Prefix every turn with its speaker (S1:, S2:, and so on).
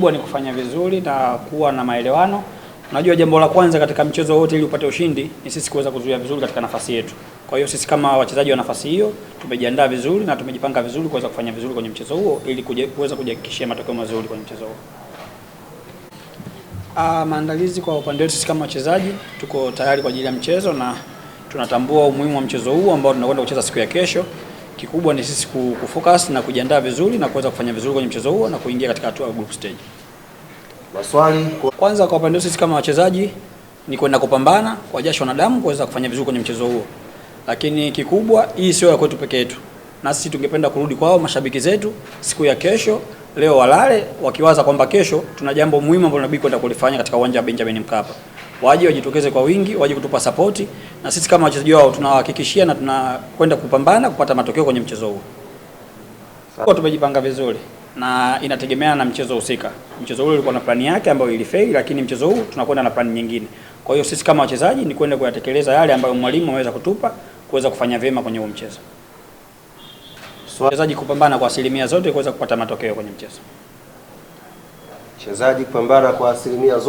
S1: Kubwa ni kufanya vizuri na kuwa na maelewano. Unajua, jambo la kwanza katika mchezo wote ili upate ushindi ni sisi kuweza kuzuia vizuri katika nafasi yetu. Kwa hiyo sisi kama wachezaji wa nafasi hiyo tumejiandaa vizuri na tumejipanga vizuri kuweza kufanya vizuri kwenye mchezo huo ili kuweza kujihakikishia matokeo mazuri kwenye mchezo huo. Ah, maandalizi kwa upande wetu sisi kama wachezaji tuko tayari kwa ajili ya mchezo na tunatambua umuhimu wa mchezo huu ambao tunakwenda kucheza siku ya kesho. Kikubwa ni sisi kufocus na kujiandaa vizuri na kuweza kufanya vizuri kwenye mchezo huo na kuingia katika hatua ya group stage.
S2: Maswali kwanza, kwa upande sisi kama wachezaji ni kwenda kupambana kwa jasho na damu kuweza kufanya vizuri kwenye mchezo huo, lakini kikubwa hii sio ya kwetu peke yetu, na sisi tungependa kurudi kwao mashabiki zetu siku ya kesho. Leo walale wakiwaza kwamba kesho tuna jambo muhimu ambalo tunabidi kwenda kulifanya katika uwanja wa Benjamin Mkapa waje wajitokeze kwa wingi, waje kutupa sapoti, na sisi kama wachezaji wao tunawahakikishia na tunakwenda kupambana kupata matokeo kwenye mchezo huu. Kwa tumejipanga vizuri na inategemeana na mchezo husika. Mchezo ule ulikuwa na plani yake ambayo ilifeli, lakini mchezo huu tunakwenda na plani nyingine. Kwa hiyo sisi kama wachezaji ni kwenda kuyatekeleza yale ambayo mwalimu ameweza kutupa kuweza kufanya vyema kwenye huo mchezo. Wachezaji kupambana kwa asilimia zote kuweza kupata matokeo kwenye mchezo. Wachezaji kupambana kwa asilimia zote.